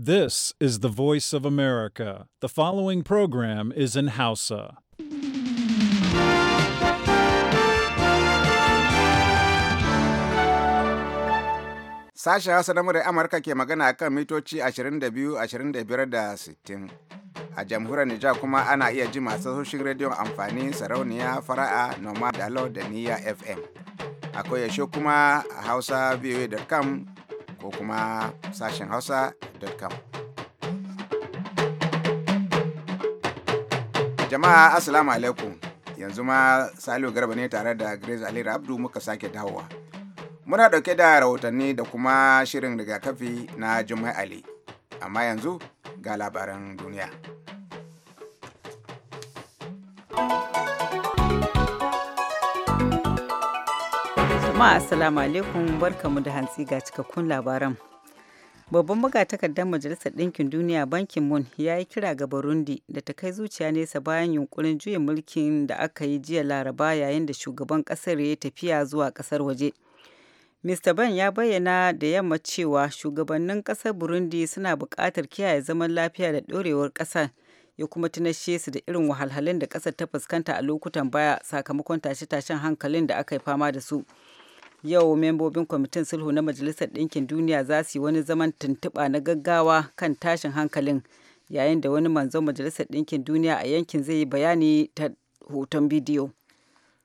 This is the voice of America. The following program is in Hausa. Sashen Hausa da murar Amurka ke magana kan mitoci 22, 25 da 60. A jamhuriyar Nijar kuma ana iya ji masu soshin rediyon amfani sarauniya fara'a noma dalo da niya FM. A koyaushe kuma a hausa voa.com ko kuma sashen hausa.com jama'a assalamu alaikum yanzu ma salihu garba ne tare da grace alira abdu muka sake dawowa muna dauke da rahotanni da kuma shirin rigakafi na jummai ali amma yanzu ga labaran duniya thank you jama'a assalamu alaikum barkamu da hantsi ga cikakkun labaran babban buga takardar majalisar ɗinkin duniya bankin mun ya yi kira ga burundi da ta kai zuciya nesa bayan yunkurin juya mulkin da aka yi jiya laraba yayin da shugaban ƙasar ya tafiya zuwa ƙasar waje mr ban ya bayyana da yamma cewa shugabannin ƙasar burundi suna buƙatar kiyaye zaman lafiya da ɗorewar ƙasar ya kuma tunashe su da irin wahalhalun da ƙasar ta fuskanta a lokutan baya sakamakon tashe-tashen hankalin da aka yi fama da su yau membobin kwamitin sulhu na majalisar ɗinkin duniya za su yi wani zaman tuntuɓa na gaggawa kan tashin hankalin yayin da wani manzon majalisar ɗinkin duniya a yankin zai yi bayani ta hoton bidiyo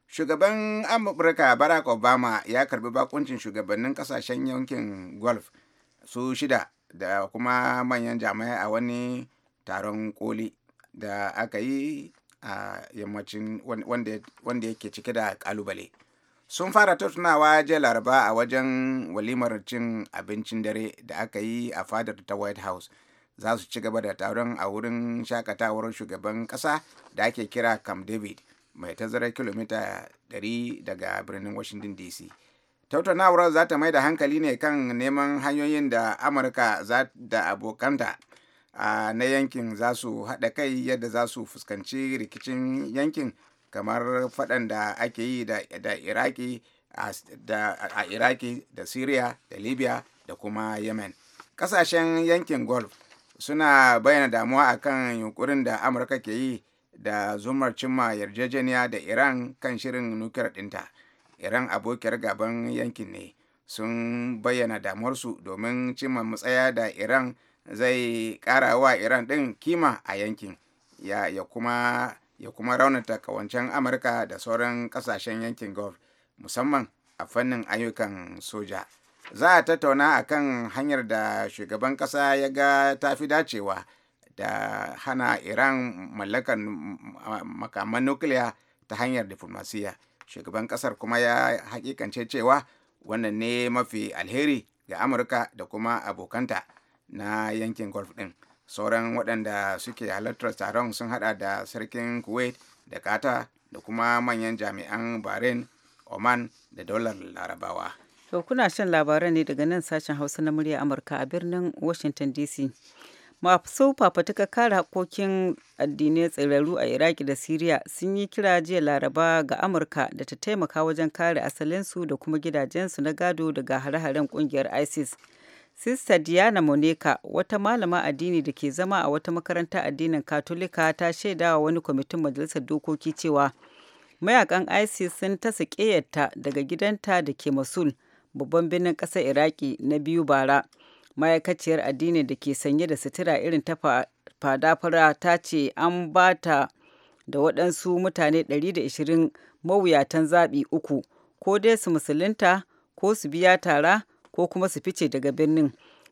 shugaban amurka barack obama ya karbi bakuncin shugabannin kasashen yankin golf su shida da kuma manyan jami'ai a wani taron koli da aka yi a yammacin wanda yake cike da kalubale sun fara tattunawa jiya laraba a wajen walimar cin abincin dare da aka yi a fadar ta white house za su ci gaba da taron a wurin shakatawar shugaban kasa da ake kira camp david mai tazarar kilomita 100 daga birnin washington dc tattaunawar za ta mai da hankali ne kan neman hanyoyin da amurka da abokanta na yankin za su haɗa kai yadda za su fuskanci rikicin yankin kamar faɗan da ake yi da, iraki a iraki da syria da libya da kuma yemen ƙasashen yankin golf suna bayyana damuwa akan yunkurin da amurka ke yi da zumar cimma yarjejeniya da iran kan shirin nukiyar ɗinta iran abokiyar gaban yankin ne sun bayyana damuwarsu domin cimma matsaya da iran zai ƙara wa iran ɗin kima a yankin ya, ya kuma ya kuma raunata kawancen amurka da sauran kasashen yankin gulf musamman a fannin ayyukan soja za a tattauna a kan hanyar da shugaban ƙasa ya ga ta fi dacewa da hana iran mallakar makaman nukiliya ta hanyar diflomasiya shugaban ƙasar kuma ya hakikance cewa wannan ne mafi alheri ga amurka da kuma abokanta na yankin golf din sauran waɗanda suke halartar taron sun hada da sarkin kuwait da kata da kuma manyan jami'an bahrain oman da daular larabawa to kuna shan labaran ne daga nan sashen hausa na murya amurka a birnin washington dc masu fafatukar kare hakokin addinai tsirarru a iraki da syria sun yi kira jiya laraba ga amurka da ta taimaka wajen kare asalinsu da kuma gidajensu na gado daga hare-haren ƙungiyar isis Sista Diana Moneka, wata malama addini da ke zama a wata makaranta addinin Katolika ta shaida wa wani kwamitin Majalisar Dokoki cewa mayakan ISIS sun tasa ƙeyarta daga gidanta da ke Mosul, babban birnin ƙasar Iraki na biyu bara. Ma'aikaciyar addini da ke sanye da sutura irin ta fada ta ce an ba ta da waɗansu mutane 120 mawuyatan zaɓi uku, ko dai su musulunta ko su biya tara ko kuma su fice daga birnin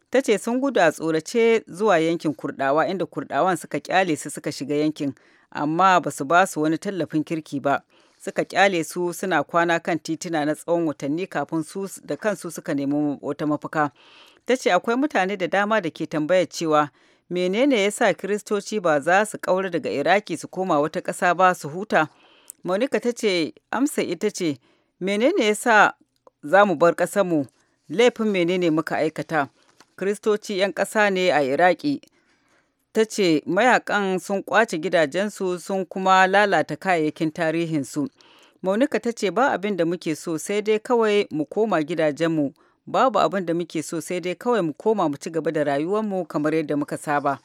ta ce sun gudu a tsorace zuwa yankin kurdawa inda kurdawan suka kyale su suka shiga yankin amma ba su ba su wani tallafin kirki ba suka kyale su suna kwana kan tituna na tsawon watanni kafin su da kansu suka nemi wata mafaka ta ce akwai mutane da dama da ke tambayar cewa menene ya sa kiristoci ba za su kaura daga iraki su koma wata ƙasa ba su huta monika ta ce amsa ita ce menene ya sa za mu bar ƙasarmu laifin menene muka aikata kristoci 'yan ƙasa ne a iraki ta ce mayakan sun kwace gidajensu sun kuma lalata kayayyakin tarihinsu maunika ta ce ba abin da muke so sai dai kawai mu koma gidajenmu babu abin da muke so sai dai kawai mu koma mu ci gaba da rayuwarmu kamar yadda muka saba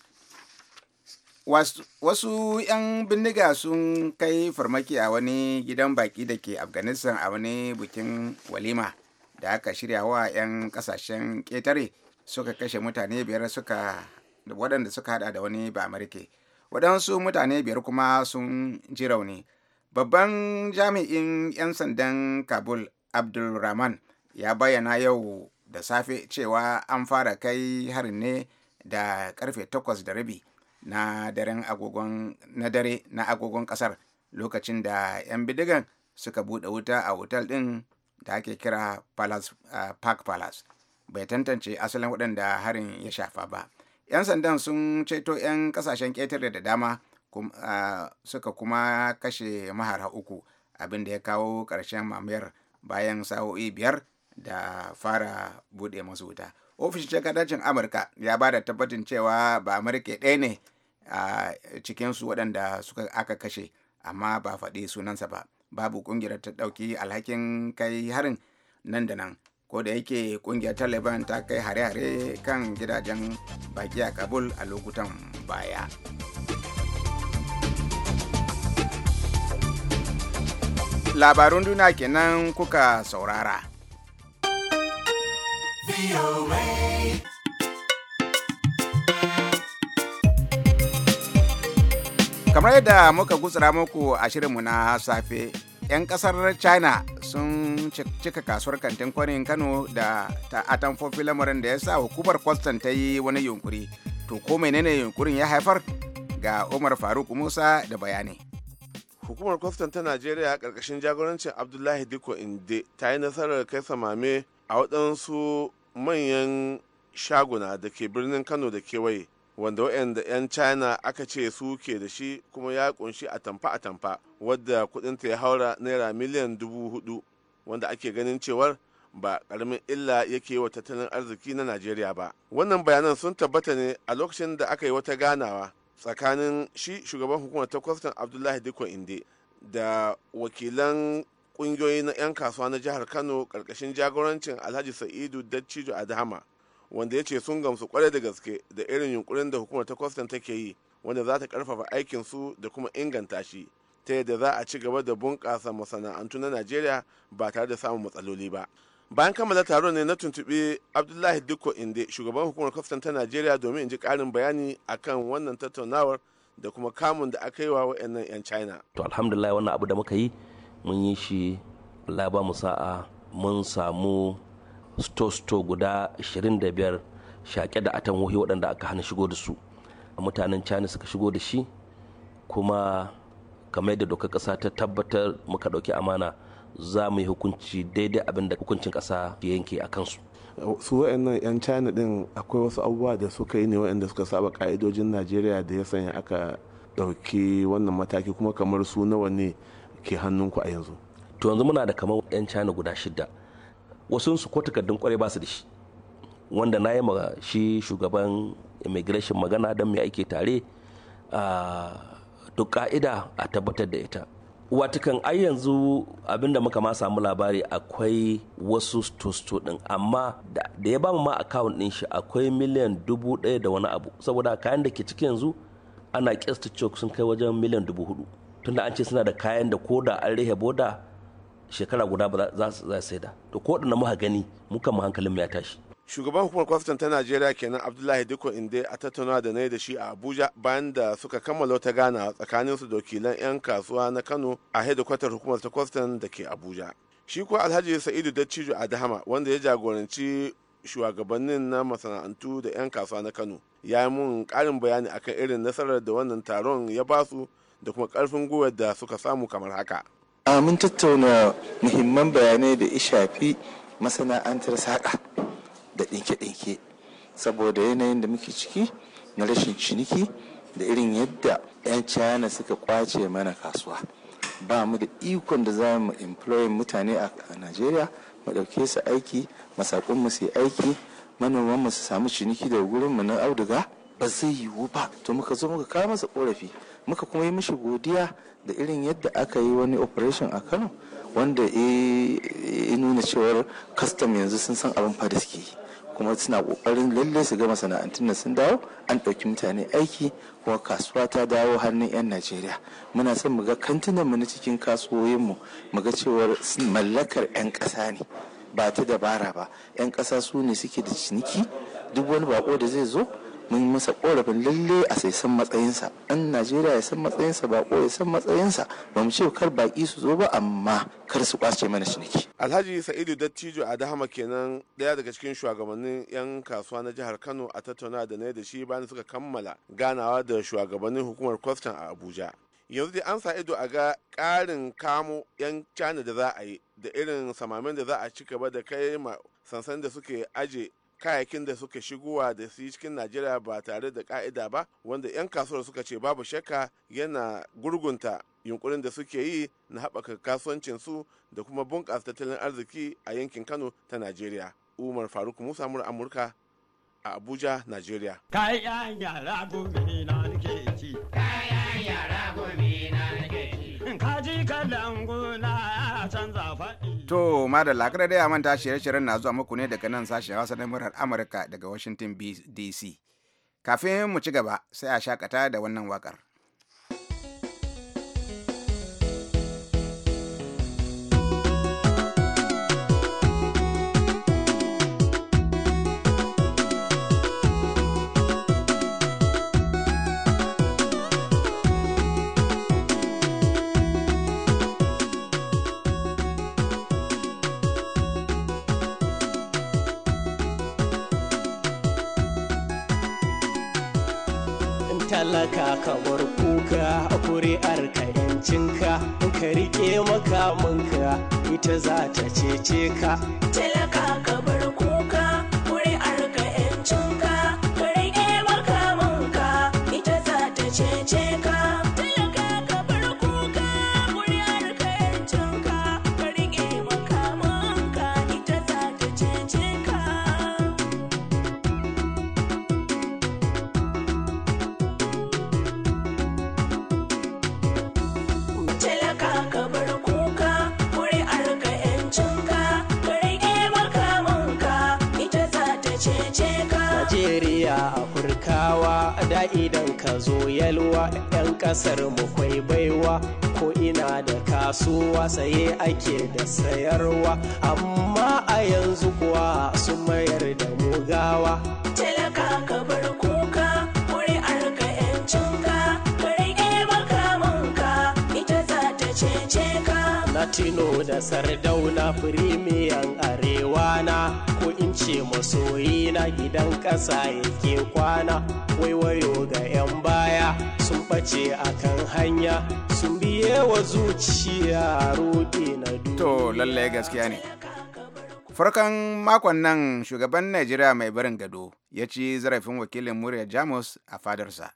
wasu 'yan bindiga sun kai farmaki a wani gidan baki da ke afghanistan a wani bikin walima da aka shirya wa 'yan kasashen ƙetare suka kashe mutane biyar suka waɗanda suka hada da wani ba amurke waɗansu mutane biyar kuma sun ji rauni babban jami'in 'yan sandan kabul abdulrahman ya bayyana yau da safe cewa an fara kai harin ne da karfe takwas da rabi na na dare na agogon kasar lokacin da 'yan bidigan suka buɗe wuta a otal ɗin da ake kira palace, uh, park palace bai tantance asalin waɗanda harin ya shafa ba 'yan sandan sun ceto 'yan kasashen ƙetare da dama kum, uh, suka kuma kashe mahara uku abin da ya kawo ƙarshen mamayar bayan sa'o'i biyar da fara buɗe masu wuta ofishin jakadancin amurka ya ba da tabbatin cewa ba amurka ɗaya ne a cikinsu waɗanda suka aka kashe amma ba faɗi sunansa ba babu kungiyar ta ɗauki alhakin kai harin nan da nan ko da yake kungiyar taliban ta kai hare-hare kan gidajen baki a kabul a lokutan baya labarun duna kenan kuka saurara. kamar yadda muka gutsura muku a shirinmu na safe 'yan kasar china sun cika kasuwar kantin kwanin kano da atamfofi lamarin da ya sa hukumar kwastan ta yi wani yunkuri to ko menene yunkurin ya haifar ga umar faruk musa da bayani hukumar kwastan ta najeriya a ƙarƙashin jagorancin abdullahi diko inde ta yi nasarar kai samame a waɗansu manyan shaguna da ke birnin kano da kewaye wanda wa'anda 'yan china aka ce su ke da shi kuma ya kunshi atamfa atamfa wadda kudinta ya haura naira miliyan dubu hudu wanda ake ganin cewar ba karamin illa yake wa tattalin arziki na najeriya ba wannan bayanan sun tabbata ne a lokacin da aka yi wata ganawa tsakanin shi shugaban hukumar ta kwastan abdullahi dikon inde da wakilan kungiyoyi na 'yan kasuwa na jihar kano karkashin jagorancin alhaji sa'idu dacijo adama wanda ya ce sun gamsu kwarai da gaske da irin yunkurin da hukumar ta kwastan take yi wanda za ta karfafa aikin su da kuma inganta shi ta yadda za a ci gaba da bunƙasa masana'antu na najeriya ba tare da samun matsaloli ba bayan kammala taron ne na tuntuɓi abdullahi dukko inde shugaban hukumar kwastan ta najeriya domin in ji ƙarin bayani akan wannan tattaunawar da kuma kamun da aka yi wa wa'annan 'yan china to alhamdulillah wannan abu da muka yi mun yi shi allah ba mu sa'a mun samu sto-sto guda 25 shaƙe da atan wuhi waɗanda aka hana shigo da su mutanen china suka shigo da shi kuma kamar yadda dokar ƙasa ta tabbatar muka ɗauki amana za mu yi hukunci daidai abinda hukuncin ƙasa ya yanke a kansu su wa'annan 'yan china din akwai wasu abubuwa da suka yi ne wa'anda suka saba ka'idojin najeriya da ya sanya aka ɗauki wannan mataki kuma kamar su nawa ne ke hannunku a yanzu to yanzu muna da kamar 'yan china guda shida wasu su ko takardun kwarai ba su da shi wanda na yi ma shi shugaban immigration magana don mai aiki tare a duk ka'ida a tabbatar da ita watakan ai yanzu abinda muka ma samu labari akwai wasu stosto din amma da ya bamu ma akawun din shi akwai miliyan dubu ɗaya da wani abu saboda kayan da ke ciki yanzu ana kesta cok sun kai wajen miliyan dubu hudu tunda an ce suna da kayan da koda an rehe boda shekara guda ba za su sai da to ko da muka gani muka mu hankalin mu ya tashi shugaban hukumar kwastan ta najeriya kenan abdullahi diko inde a tattauna da nayi da shi a abuja bayan da suka kammala wata gana tsakanin su da wakilan 'yan kasuwa na kano a hedikwatar hukumar ta kwastan da ke abuja shi ko alhaji sa'idu a dahama wanda ya jagoranci shugabannin na masana'antu da 'yan kasuwa na kano ya yi mun karin bayani akan irin nasarar da wannan taron ya basu da kuma karfin gowar da suka samu kamar haka a mun tattauna muhimman bayanai da ya shafi masana'antar saƙa da ɗinke-ɗinke saboda yanayin da muke ciki na rashin ciniki da irin yadda 'yan china suka kwace mana kasuwa ba mu da ikon da za mu employ mutane a najeriya mu ɗauke su aiki masakon mu su aiki manoman mu su samu ciniki da gurin mu na auduga ba zai yiwu ba to muka zo muka kawo masa korafi muka kuma yi mishi godiya da irin yadda aka yi wani operation a kano wanda ya nuna cewar custom yanzu sun san abin fa suke yi kuma suna kokarin lalle su ga masana'antun nan sun dawo an ɗauki mutane aiki kuma kasuwa ta dawo hannun 'yan najeriya muna son mu ga kantinan mu na cikin kasuwoyinmu mu ga cewar mallakar 'yan ƙasa ne ba ta dabara ba 'yan ƙasa su ne suke da ciniki duk wani bako da zai zo mun masa korafin lalle a sai san matsayinsa ɗan najeriya ya san matsayinsa ko ya san matsayinsa ba mu ce kar baki su zo ba amma kar su kwace mana ciniki alhaji sa'idu dattijo a dahama kenan daya daga cikin shugabannin yan kasuwa na jihar kano a tattauna da na da shi bayan suka kammala ganawa da shugabannin hukumar kwastan a abuja yanzu dai an sa ido a ga ƙarin kamo 'yan cana da za a yi da irin samamin da za a ci gaba da kai ma sansan da suke aje kayayyakin da suka shigowa da su cikin najeriya ba tare da ka'ida ba wanda 'yan kasuwar suka ce babu shakka yana gurgunta yunkurin da suke yi na haɓaka kasuwancinsu da kuma bunƙasa tattalin arziki a yankin kano ta najeriya umar faruk musa mura amurka a abuja najeriya To, madalla, kada dai a manta shirye-shiryen na zuwa muku ne daga nan sashen Hausa na murar Amurka daga Washington DC. Kafin mu ci gaba, sai a shakata da wannan wakar. mallaka ka bar kuka a kuri'ar ka yancinka in ka rike makamanka ita za ta cece ka talaka ka idan ka zo yalwa 'yan kasar mu kwai baiwa ko ina da kasuwa saye ake da sayarwa amma a yanzu kuwa su mayar da mugawa talaka ka bar kuka kuri'ar 'yancinka makamanka ita za cece ka latino da sardauna firimiyan arewa na ko in ce masoyi na gidan ƙasa yake kwana waiwayo ga 'yan baya sun ɓace a kan hanya sun biye wa zuciya roɗe na duniya to lallai gaskiya ne farkon makon nan shugaban najeriya mai barin gado ya ci zarafin wakilin murya jamus a fadarsa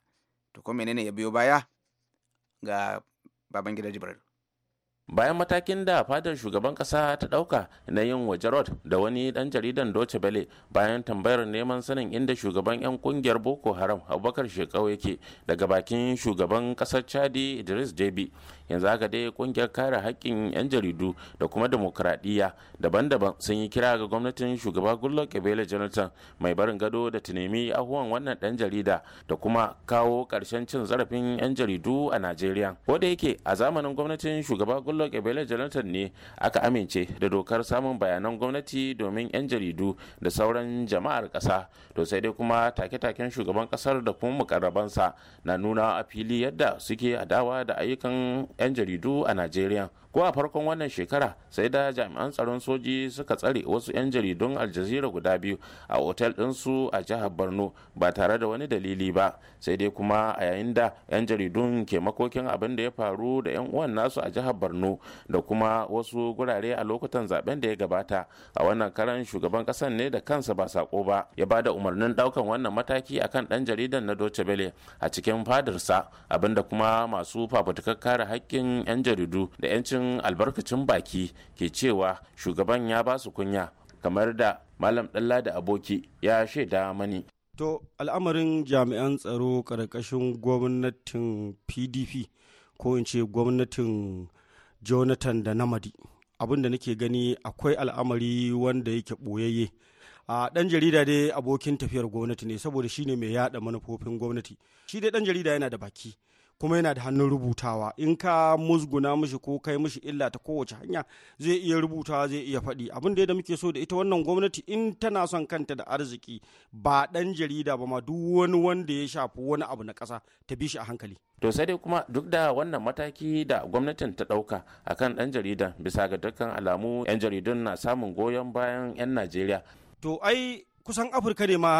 to ko menene ya biyo baya ga babangida jibril bayan matakin da fadar shugaban kasa ta dauka na yin rod da wani dan jaridan doce bale bayan tambayar neman sanin inda shugaban yan kungiyar boko haram abubakar shekau yake daga bakin shugaban kasar chadi idris debi yanzu haka dai kungiyar kare haƙƙin 'yan jaridu da kuma demokuraɗiyya daban-daban sun yi kira ga gwamnatin shugaba goodluck kebele jonathan mai barin gado da ta ahuwan wannan ɗan jarida da kuma kawo ƙarshen cin zarafin 'yan jaridu a najeriya ko da yake a zamanin gwamnatin shugaba goodluck kebele jonathan ne aka amince da dokar samun bayanan gwamnati domin 'yan jaridu da sauran jama'ar kasa to sai dai kuma take-taken shugaban ƙasar da kuma mukarrabansa na nuna a fili yadda suke adawa da ayyukan 'yan jaridu a najeriya ko a farkon wannan shekara sai da jami'an tsaron soji suka tsare wasu 'yan jaridun aljazira guda biyu a otel ɗinsu a jihar borno ba tare da wani dalili ba sai dai kuma a yayin da 'yan jaridun ke makokin abin da ya faru da 'yan uwan nasu a jihar borno da kuma wasu gurare a lokutan zaben da ya gabata a wannan karan shugaban kasan ne da kansa ba sako ba ya ba da umarnin daukan wannan mataki akan dan jaridan na doce bele a cikin fadarsa abinda kuma masu fafutukar kare haƙƙin 'yan jaridu da 'yancin albarkacin albarkacin baki ke cewa shugaban ya ba su kunya kamar da malam dalla da aboki ya shaida mani to al'amarin jami'an tsaro ƙarƙashin gwamnatin pdp ko in ce gwamnatin jonathan da namadi abinda nake gani akwai al'amari wanda yake ɓoyayye a ɗan jarida dai abokin tafiyar gwamnati ne saboda shine mai yada manufofin gwamnati shi dai ɗan jarida yana da baki kuma yana da hannun rubutawa in ka musguna mishi ko kai mishi illa ta kowace hanya zai iya rubutawa zai iya faɗi abin da muke so da ita wannan gwamnati in tana son kanta da arziki ba dan jarida ba ma duk wani wanda ya shafi wani abu na ƙasa ta bi shi a hankali to sai dai kuma duk da wannan mataki da gwamnatin ta ɗauka akan ɗan jarida bisa ga dukkan alamu 'yan jaridun na samun goyon bayan 'yan najeriya to ai kusan afirka ne ma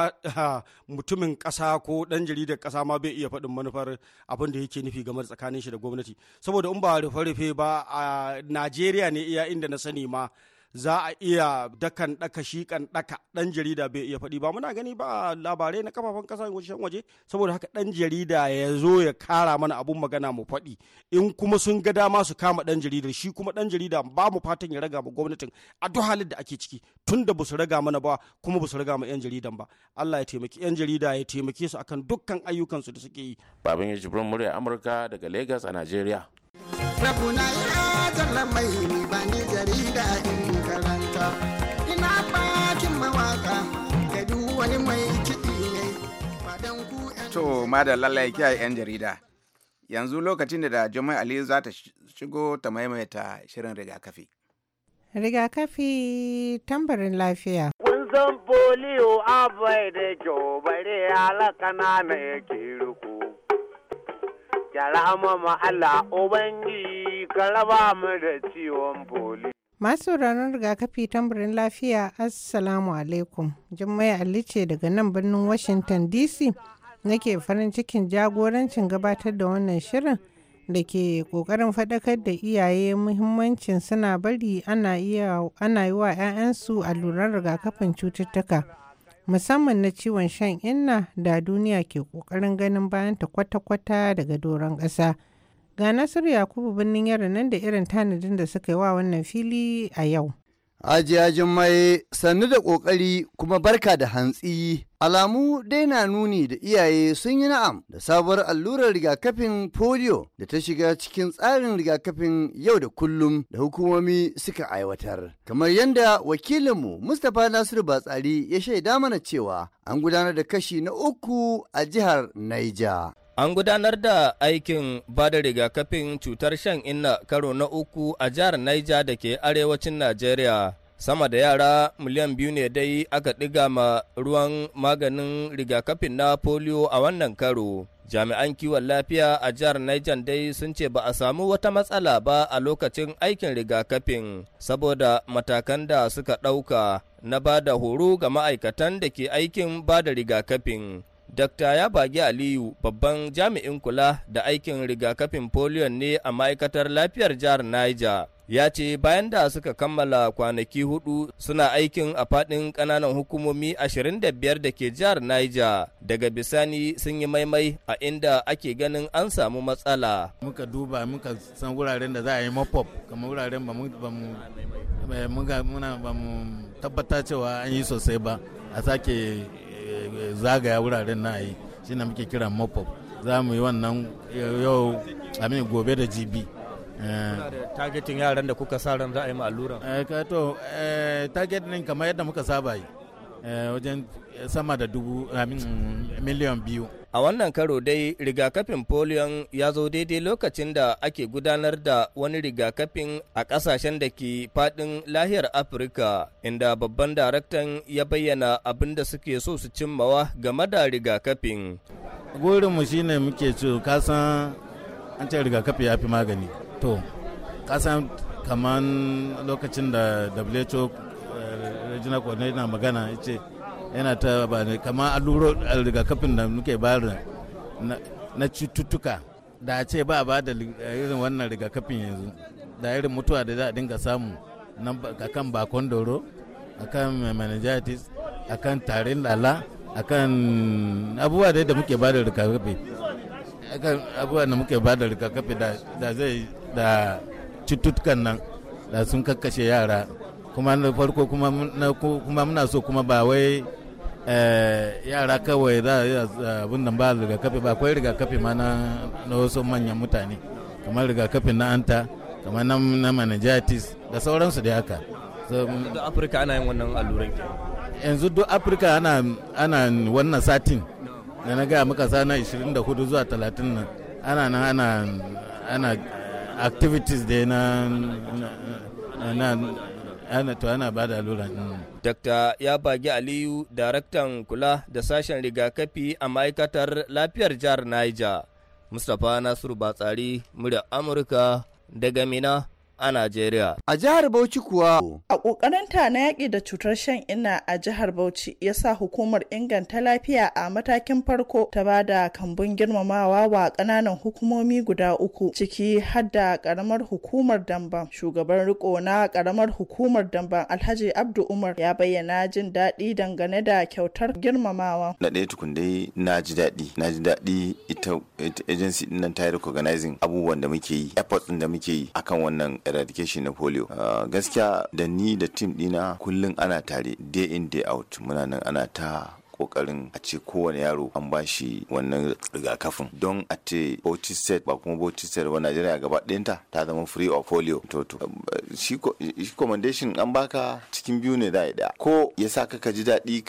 mutumin kasa ko ɗan jaridar kasa ma bai iya faɗin manufar abin da yake nufi game tsakanin shi da gwamnati saboda in ba rufe-rufe ba a najeriya ne iya inda na sani ma za a iya dakan daka shi kan daka dan jarida bai iya faɗi ba muna gani ba labarai na kafafen kasashen waje saboda haka dan jarida ya zo ya kara mana abun magana mu faɗi in kuma sun ga dama su kama dan jarida shi kuma dan jarida ba mu fatan ya raga mu gwamnatin a duk halin da ake ciki tun da su raga mana ba kuma ba su raga mu yan jaridan ba Allah ya taimaki yan jarida ya taimake su akan dukkan ayyukan su da suke yi baban ya jibrin murya Amurka daga Lagos a Najeriya rabuna ya zalla mai ni ba ni jarida in karanta ina bakin mawaka ga duk wani mai kiɗi ne fadan ku to da lallai kiyaye yan jarida yanzu lokacin da Jummai Ali za ta shigo ta maimaita shirin rigakafi rigakafi tambarin lafiya zan foliyo abai da kyau bare na ya yake ruku Kyarama ma Allah Ubangiji ka raba mu da ciwon foli. Masu ranar rigakafi tambarin lafiya Assalamu alaikum. Jummai Ali ce daga nan birnin Washington DC nake farin cikin jagorancin gabatar da wannan shirin da ke ƙoƙarin faɗakar da iyaye muhimmancin suna bari ana yi wa 'ya'yansu alluran rigakafin cututtuka. musamman na ciwon shan inna da duniya ke ƙoƙarin ganin bayan ta kwata-kwata daga doron ƙasa. Ga Nasiru Yakubu birnin yara nan da irin tanadin da suka yi wa wannan fili a yau. Ajiyajin Jummai sannu da ƙoƙari kuma barka da hantsi. Alamu dai na nuni da iyaye sun yi na'am da sabuwar allurar rigakafin polio da ta shiga cikin tsarin rigakafin yau da kullum da hukumomi suka aiwatar. Kamar yadda wakilinmu Mustapha Nasiru Batsari ya shaida mana cewa an gudanar da kashi na uku a jihar Niger. An gudanar da aikin ba da rigakafin cutar shan inna karo na uku a jihar Niger da ke arewacin Najeriya. Sama da yara miliyan biyu ne dai aka ɗiga ma ruwan maganin rigakafin na polio a wannan karo. Jami'an kiwon lafiya a jihar Niger dai sun ce ba a samu wata matsala ba a lokacin aikin rigakafin saboda matakan da suka ɗauka na ba da horo ga ma'aikatan da ke aikin ba da rigakafin. Dr. Yabagi Aliyu babban jami'in kula da aikin rigakafin polio ne a ma'aikatar lafiyar jihar Niger. Ya ce bayan da suka kammala kwanaki hudu suna aikin a faɗin kananan hukumomi 25 da ke jihar Niger daga bisani sun yi maimai a inda ake ganin an samu matsala. Muka duba muka san wuraren da za a yi mop kamar wuraren ba mu tabbata cewa an yi sosai ba a sake zagaya wuraren na yi shi na muke kira mopop za mu yi wannan yau amin gobe da jibi eh, targetin yaran da kuka sa ran za a yi ma allura eh, to eh, target din kamar yadda muka saba yi Eh, wajen eh, sama da dubu miliyan biyu. A wannan karo dai rigakafin polion ya zo daidai lokacin da ake gudanar da wani rigakafin a kasashen da ke fadin lahiyar Afirka, inda babban daraktan ya bayyana abin da suke so su cimmawa game da rigakafin. Gurinmu shi ne muke ce kasan an ce rigakafi ya fi magani. To, kasan kamar lokacin da WHO eh, regional coordinator na magana ya ce yana ta ba ne kamar alluro rigakafin da muke bayar na cututtuka da ce ba ba da irin wannan rigakafin yanzu da irin mutuwa da za a dinga samu nan a kan bakon doro a kan meningitis a kan tarin lala a kan abubuwa da da muke ba da rigakafi a kan abubuwa da muke ba da rigakafi da zai da cututtukan nan da sun kakkashe yara kuma na farko kuma muna so kuma ba wai eh, yara kawai za a eh, abin da ba rigakafi ba akwai rigakafi ma na wasu manyan mutane kamar rigakafin na anta kamar na meningitis da sauransu da haka duk afirka ana yin wannan alluran yanzu duk afirka ana wannan satin da na gaya muka sana 24 zuwa 30 nan ana nan ana ana activities da na ana to ana ba da allura dakta ya bagi aliyu daraktan kula da sashen rigakafi a ma'aikatar lafiyar jihar niger mustapha nasiru batsari murya amurka daga mina a Najeriya. A jihar Bauchi kuwa. A ƙoƙarinta na yaƙi da cutar shan inna a jihar Bauchi ya sa hukumar inganta lafiya a matakin farko ta ba da kambun girmamawa wa ƙananan hukumomi guda uku ciki har da ƙaramar hukumar Damban. Shugaban riko na ƙaramar hukumar Damban Alhaji Abdu Umar ya bayyana jin daɗi dangane da kyautar girmamawa. Na ɗaya tukun dai na ji daɗi. Na ji daɗi ita agency ɗin nan ta yi recognizing abubuwan da muke yi, efforts ɗin da muke yi akan wannan eradication na polio ah, gaskiya da ni da tim dina kullum ana tare day in day out muna nan ana ta kokarin a ce kowane yaro an ba shi wannan rigakafin don a ce bauchi ba kuma bauchi state ba najeriya gaba ɗinta ta zama free of polio toto um, shi commendation an baka cikin biyu ne da ɗaya ko ya sa ka ji daɗi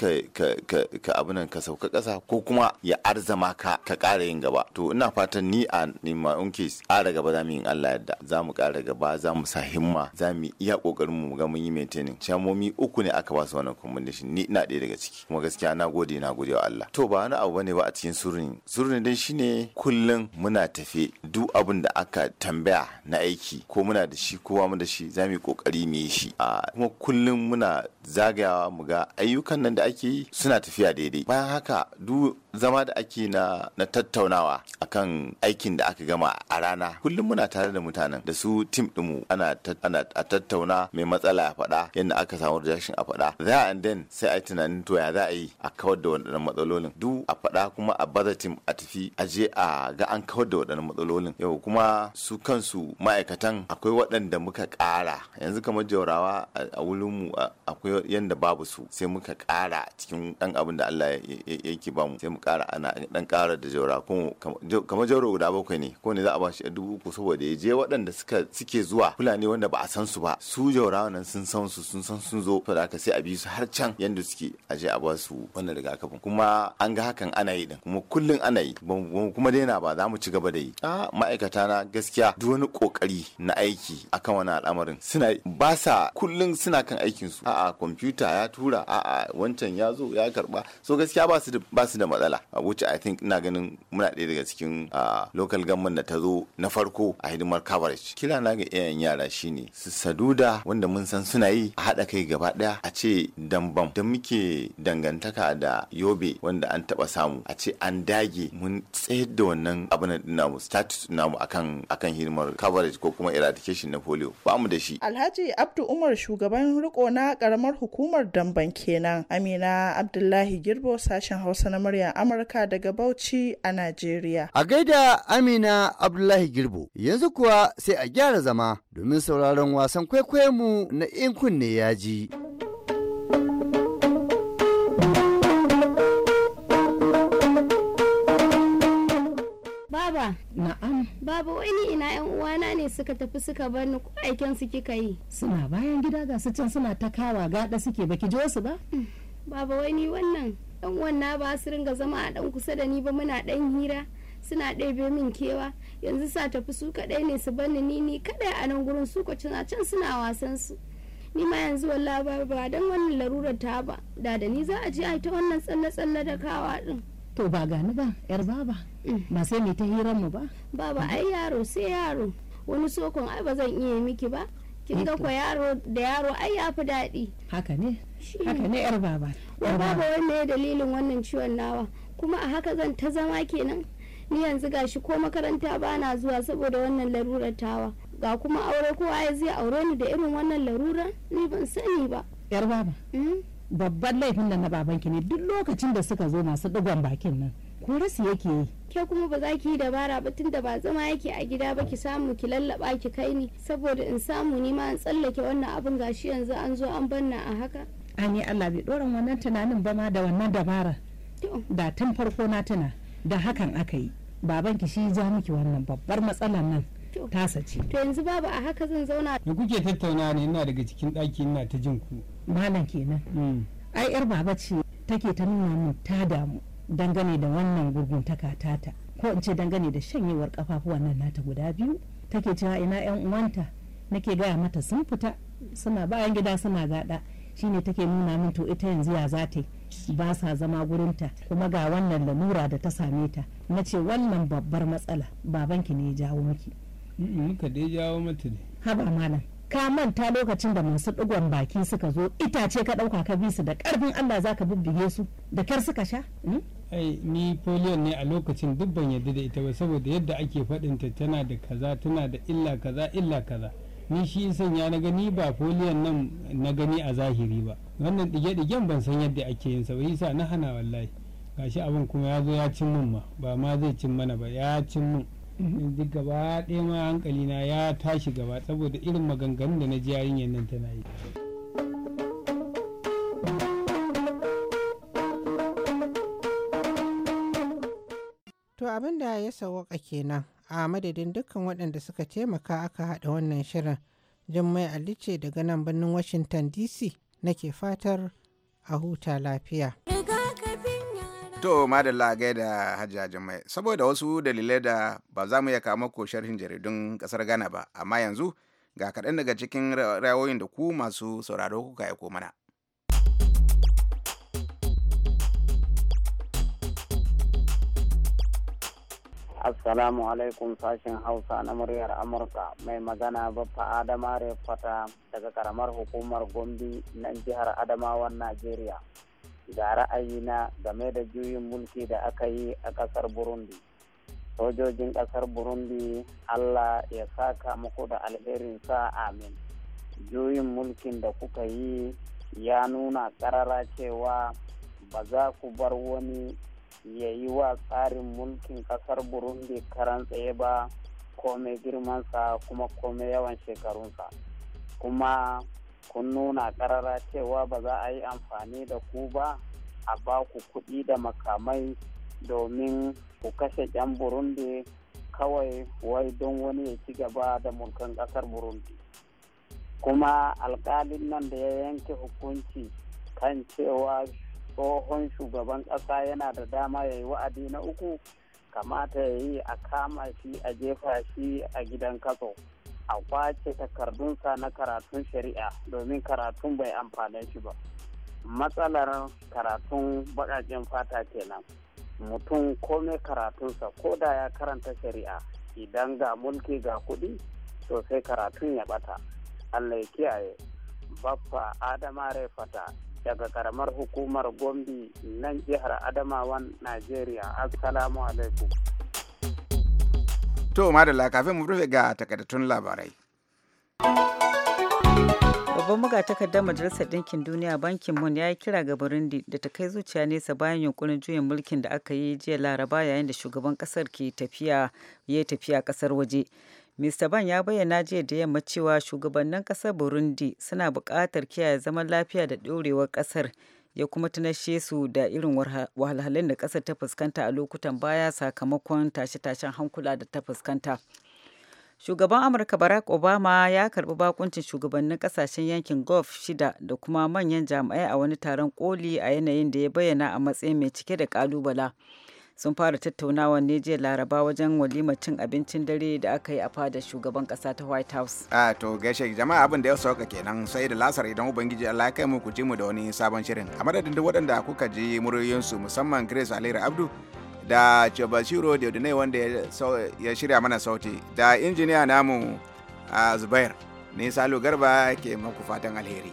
ka abin nan ka sauka ƙasa ko kuma ya arzama ka ka ƙara yin gaba to ina fatan ni a nima unke ƙara gaba za mu yi allah yadda za mu ƙara gaba za mu sa himma za mu iya ƙoƙarin mu ga mun yi maintaining shamomi uku ne aka ba su wannan commendation ni ina ɗaya daga ciki kuma gaskiya na gode gode na gode wa Allah to ba wani abu bane ba a cikin surni surni din shine kullum muna tafe duk abin da aka tambaya na aiki ko muna da shi ko mu da shi za mu yi kokari mu yi shi a kuma kullum muna zagayawa mu ga ayyukan nan da ake yi suna tafiya daidai bayan haka duk zama da ake na, na tattaunawa akan aikin da aka gama a rana kullum muna tare da mutanen da su tim dinmu ana, ana a tattauna mai matsala ya faɗa yadda aka samu rajashin a faɗa za a sai a yi tunanin to ya za a yi a kawar da waɗannan matsalolin Du a faɗa kuma a baza tim a tafi a je a ga an kawar da waɗannan matsalolin yau kuma su kansu ma'aikatan akwai waɗanda muka ƙara yanzu kamar jaurawa a wurinmu akwai yadda babu su sai muka ƙara cikin ɗan abin da Allah yake bamu sai kara ana dan ƙara da jaura kamar jaura guda bakwai ne ko ne za a ba shi dubu uku saboda ya je waɗanda suke zuwa fulani wanda ba a san su ba su jaura nan sun san su sun san sun zo to da aka sai a bi su har can yanda suke a je a ba su wannan riga kafin kuma an ga hakan ana yi din kuma kullun ana yi kuma daina ba za mu ci gaba da yi a ma'aikata na gaskiya duk wani kokari na aiki akan wani al'amarin suna ba sa kullun suna kan aikin su a'a kwamfuta ya tura a'a wancan ya zo ya karba so gaskiya ba su da matsala Abuja wuce I think ina ganin muna ɗaya daga cikin local government da ta zo na farko a hidimar coverage. Kila na ga iyayen yara shine su saduda wanda mun san suna yi a haɗa kai gaba ɗaya a ce dambam da muke dangantaka da yobe wanda an taɓa samu a ce an dage mun tsayar da wannan abin namu status namu akan akan hidimar coverage ko kuma eradication na polio ba mu da shi. Alhaji Abdu Umar shugaban riko na karamar hukumar damban kenan Amina Abdullahi Girbo sashen Hausa na murya Amurka daga Bauchi a Najeriya. A gaida Amina Abdullahi Girbo, yanzu kuwa sai a gyara zama domin sauraron wasan kwaikwayonmu na in kunne ya ji. Baba. Na'am. Babu wani ina yan uwana ne suka tafi suka bar ni aikin su kika yi. Suna bayan gida ga su can suna ta kawa gada suke baki ji wasu ba? Baba wani wannan yan wannan ba su ringa zama a dan kusa da ni ba muna dan hira suna ɗebe min kewa yanzu sa tafi su kaɗai ne su bani ni ni kaɗai a nan gurin su can suna wasan su ni ma yanzu wallahi ba ba dan wannan larurar ta ba da da ni za a je a ta wannan tsalle tsalle da kawa din to ba gani ba yar baba mm. ba sai mai ta hirar mu ba baba ai yaro sai yaro wani sokon ai ba zan iya miki ba kin eh ga ko yaro da yaro ai ya fi daɗi haka ne haka ne yar baba yar baba wanne dalilin wannan ciwon nawa kuma a haka zan ta zama kenan ni yanzu gashi ko makaranta ba na zuwa saboda wannan larurar tawa ga kuma aure kowa ya zai aure ni da irin wannan larurar ni ban sani ba yar baba hmm? babban laifin da na babanki ne duk lokacin da suka zo masu digon bakin nan ko rasu yake yi ke kuma ba za ki yi dabara ba tunda ba zama yake a gida ba ki samu ki lallaba ki kai ni saboda in samu ni ma in tsallake wannan abin gashi yanzu an zo an banna a haka Ani Allah bai doran wannan tunanin ba ma da wannan dabara da tun farko na tuna da hakan aka yi baban ki shi ja miki wannan babbar matsalar nan tasa ce to yanzu babu a haka zan zauna da kuke tattauna ne ina daga cikin ɗaki ina ta jin ku malam kenan mm. ai yar baba ce take ta nuna mu ta damu dangane da wannan gurguntaka tata ko in ce dangane da shanyewar kafafuwa nan nata guda biyu take cewa ina yan uwanta nake gaya mata sun fita suna bayan gida suna gada shine take nuna min to ita yanzu ya zata ta ba sa zama gurinta kuma ga wannan lamura da ta same ta na ce wannan babbar matsala babanki ne ya jawo miki muka dai jawo mata ne haba malam ka manta lokacin da masu digon baki suka zo itace ka ɗauka ka bisu da karfin Allah za ka bubbuge su da kyar suka sha? Hmm? ai ni polio ne a lokacin dubban yadda da ita ba saboda yadda ake faɗinta tana da kaza tana da illa kaza illa kaza ni shi sanya na gani ba foliyan nan na gani a zahiri ba wannan ɗige-ɗigen ban san yadda ake yin sa yasa na hana wallahi gashi abin kuma ya zo ya cin mun ma ba ma zai cin mana ba ya cin mun duk gaba ɗaya ma hankali na ya tashi gaba saboda irin maganganun da na ji yarinyar nan tana yi to abin da ya sawaka kenan a madadin dukkan waɗanda suka taimaka aka haɗa wannan shirin mai alice daga nan birnin washington dc nake fatar a huta lafiya to madalla gaida hajji mai saboda wasu dalilai da ba za mu iya kama ko sharhin jaridun kasar ghana ba amma yanzu ga kaɗan daga cikin rayoyin da ku masu sauraro kuka aiko mana Assalamu alaikum sashen Hausa na muryar Amurka mai magana Baffa Adama fata daga karamar hukumar Gombe na jihar Adamawan Najeriya. Ga ra'ayina game da juyin mulki da aka yi a ƙasar Burundi. Sojojin ƙasar Burundi Allah ya saka muku da sa amin. Juyin mulkin da kuka yi ya nuna ƙarara cewa ba za ku bar wani ya yi wa tsarin mulkin kasar burundi karan tsaye ba komai girmansa kuma komai yawan shekarunsa kuma kun nuna karara cewa ba za a yi amfani da ku ba a ba ku kuɗi da makamai domin ku kashe 'yan burundi kawai wai don wani ya ci gaba da mulkin ƙasar burundi kuma alƙalin nan da ya yanke hukunci kan cewa tsohon shugaban ƙasa yana da dama ya yi wa'adi na uku kamata ya yi a kama shi a jefa shi a gidan kaso a kwace takardunsa na karatun shari'a domin karatun bai amfane shi ba matsalar karatun baƙaƙen fata kenan mutum komai karatunsa ko da ya karanta shari'a idan ga mulki ga kuɗi sosai karatun ya ɓata allah ya kiyaye baffa adama rai fata daga karamar hukumar gombe nan jihar adamawan nigeria assalamu alaikum to madalla kafin mu rufe ga takardattun labarai babban magatakardar majalisar ɗinkin duniya bankin mun ya yi kira ga burundi da ta kai zuciya nesa bayan yunkurin juyin mulkin da aka yi jiya laraba yayin da shugaban kasar ke tafiya ya tafiya kasar waje Mr. Ban ya bayyana jiya da yamma cewa shugabannin ƙasar Burundi suna buƙatar kiyaye zaman lafiya da ɗorewar ƙasar ya kuma tunashe su da irin wahalhalun da ƙasar ta fuskanta a lokutan baya sakamakon tashe-tashen hankula da ta fuskanta. Shugaban Amurka Barack Obama ya karbi bakuncin shugabannin ƙasashen yankin Gulf shida da kuma manyan jami'ai a wani taron koli a yanayin da ya bayyana a matsayin mai cike da ƙalubala. sun fara tattaunawa ne jiya laraba wajen walimar cin abincin dare da aka yi a fadar shugaban kasa ta white house a to gaishe jama'a abin da ya sauka kenan sai da lasar idan ubangiji allah ya kai mu ku mu da wani sabon shirin a madadin duk waɗanda kuka ji muryoyinsu musamman grace alira abdu da chabashiro da ne wanda ya shirya mana sauti da injiniya namu a zubair ne salo garba ke muku fatan alheri